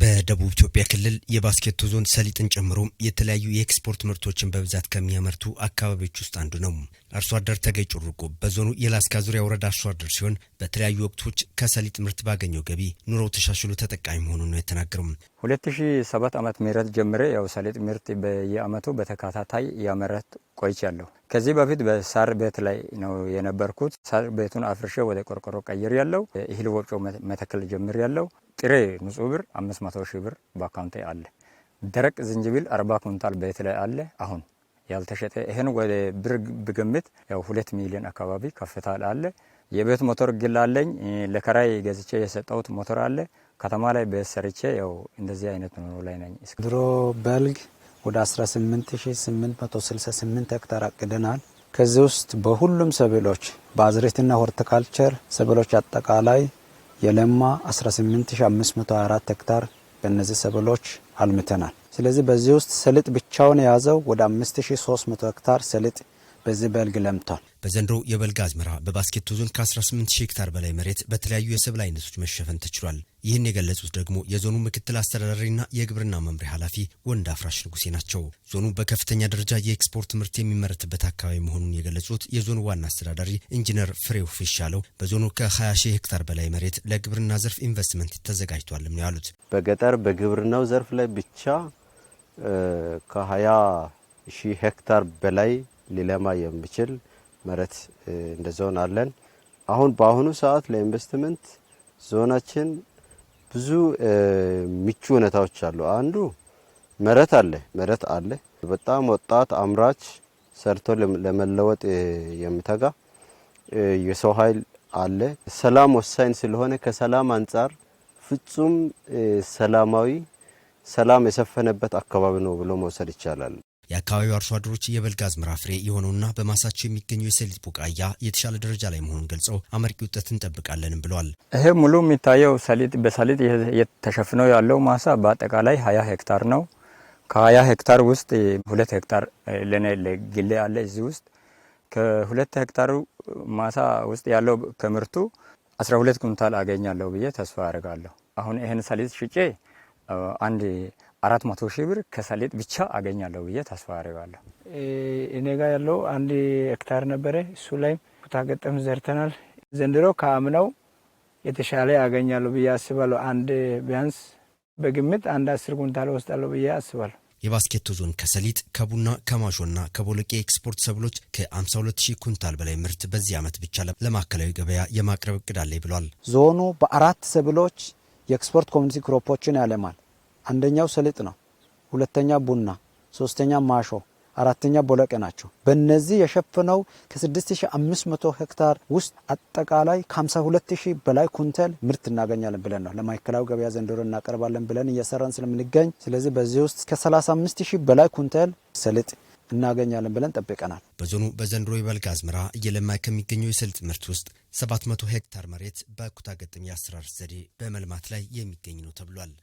በደቡብ ኢትዮጵያ ክልል የባስኬቶ ዞን ሰሊጥን ጨምሮ የተለያዩ የኤክስፖርት ምርቶችን በብዛት ከሚያመርቱ አካባቢዎች ውስጥ አንዱ ነው። አርሶ አደር ተገይ ጩርቆ በዞኑ የላስካ ዙሪያ ወረዳ አርሶ አደር ሲሆን በተለያዩ ወቅቶች ከሰሊጥ ምርት ባገኘው ገቢ ኑሮው ተሻሽሎ ተጠቃሚ መሆኑን ነው የተናገረው። 2007 ዓመት ምህረት ጀምሬ ያው ሰሊጥ ምርት በየአመቱ በተከታታይ ያመረት ቆይቻለሁ። ከዚህ በፊት በሳር ቤት ላይ ነው የነበርኩት። ሳር ቤቱን አፍርሼ ወደ ቆርቆሮ ቀይር ያለው እህል ወጮ መተከል ጀምር ያለው ጥሬ ንጹህ ብር 500 ሺህ ብር በአካውንቴ አለ። ደረቅ ዝንጅብል 40 ኩንታል ቤት ላይ አለ አሁን ያልተሸጠ። ይህን ወደ ብር ብግምት ያው ሁለት ሚሊዮን አካባቢ ከፍታል አለ። የቤት ሞተር ግል አለኝ። ለከራይ ገዝቼ የሰጠሁት ሞተር አለ ከተማ ላይ ቤት ሰርቼ ያው እንደዚህ አይነት ኑሮ ላይ ነኝ። ድሮ በልግ ወደ 18868 ሄክታር አቅደናል። ከዚህ ውስጥ በሁሉም ሰብሎች በአዝሬትና ሆርቲካልቸር ሰብሎች አጠቃላይ የለማ 18524 ሄክታር በእነዚህ ሰብሎች አልምተናል። ስለዚህ በዚህ ውስጥ ሰሊጥ ብቻውን የያዘው ወደ 5300 ሄክታር ሰሊጥ በዚህ በልግ ለምቷል። በዘንድሮ የበልግ አዝመራ በባስኬቶ ዞን ከ18 ሺህ ሄክታር በላይ መሬት በተለያዩ የሰብል አይነቶች መሸፈን ተችሏል። ይህን የገለጹት ደግሞ የዞኑ ምክትል አስተዳዳሪና የግብርና መምሪያ ኃላፊ ወንድ አፍራሽ ንጉሴ ናቸው። ዞኑ በከፍተኛ ደረጃ የኤክስፖርት ምርት የሚመረትበት አካባቢ መሆኑን የገለጹት የዞኑ ዋና አስተዳዳሪ ኢንጂነር ፍሬው ፊሻለው በዞኑ ከ20 ሺህ ሄክታር በላይ መሬት ለግብርና ዘርፍ ኢንቨስትመንት ተዘጋጅቷልም ነው ያሉት። በገጠር በግብርናው ዘርፍ ላይ ብቻ ከ20 ሺህ ሄክታር በላይ ሊለማ የሚችል መሬት እንደ ዞን አለን። አሁን በአሁኑ ሰዓት ለኢንቨስትመንት ዞናችን ብዙ ምቹ ሁኔታዎች አሉ። አንዱ መሬት አለ መሬት አለ። በጣም ወጣት አምራች ሰርቶ ለመለወጥ የሚተጋ የሰው ኃይል አለ። ሰላም ወሳኝ ስለሆነ ከሰላም አንጻር ፍጹም ሰላማዊ ሰላም የሰፈነበት አካባቢ ነው ብሎ መውሰድ ይቻላል። የአካባቢው አርሶ አደሮች የበልግ አዝመራ ፍሬ የሆነውና በማሳቸው የሚገኘው የሰሊጥ ቡቃያ የተሻለ ደረጃ ላይ መሆኑን ገልጸው አመርቂ ውጤት እንጠብቃለንም ብለዋል። ይሄ ሙሉ የሚታየው ሰሊጥ በሰሊጥ ተሸፍነው ያለው ማሳ በአጠቃላይ ሀያ ሄክታር ነው። ከሀያ ሄክታር ውስጥ ሁለት ሄክታር ለኔ ግሌ አለ። እዚህ ውስጥ ከሁለት ሄክታሩ ማሳ ውስጥ ያለው ከምርቱ 12 ኩንታል አገኛለሁ ብዬ ተስፋ አደርጋለሁ። አሁን ይህን ሰሊጥ ሽጬ አንድ አራት መቶ ሺህ ብር ከሰሊጥ ብቻ አገኛለሁ ብዬ ተስፋ አደርጋለሁ። እኔ ጋር ያለው አንድ ሄክታር ነበረ። እሱ ላይም ገጠም ዘርተናል። ዘንድሮ ከአምናው የተሻለ አገኛለሁ ብዬ አስባለሁ። አንድ ቢያንስ በግምት አንድ አስር ኩንታል ወስዳለሁ ብዬ አስባለሁ። የባስኬቶ ዞን ከሰሊጥ ከቡና ከማሾና ከቦሎቄ ኤክስፖርት ሰብሎች ከ52 ሺህ ኩንታል በላይ ምርት በዚህ ዓመት ብቻ ለማዕከላዊ ገበያ የማቅረብ እቅድ አለ ብሏል። ዞኑ በአራት ሰብሎች የኤክስፖርት ኮሚኒቲ ክሮፖችን ያለማል። አንደኛው ሰሊጥ ነው፣ ሁለተኛ ቡና፣ ሶስተኛ ማሾ፣ አራተኛ ቦለቄ ናቸው። በእነዚህ የሸፈነው ከ6500 ሄክታር ውስጥ አጠቃላይ ከ52000 በላይ ኩንተል ምርት እናገኛለን ብለን ነው ለማዕከላዊ ገበያ ዘንድሮ እናቀርባለን ብለን እየሰራን ስለምንገኝ፣ ስለዚህ በዚህ ውስጥ ከ35000 በላይ ኩንተል ሰሊጥ እናገኛለን ብለን ጠብቀናል። በዞኑ በዘንድሮ የበልግ አዝመራ እየለማ ከሚገኘው የሰሊጥ ምርት ውስጥ 700 ሄክታር መሬት በኩታ ገጠም የአሰራር ዘዴ በመልማት ላይ የሚገኝ ነው ተብሏል።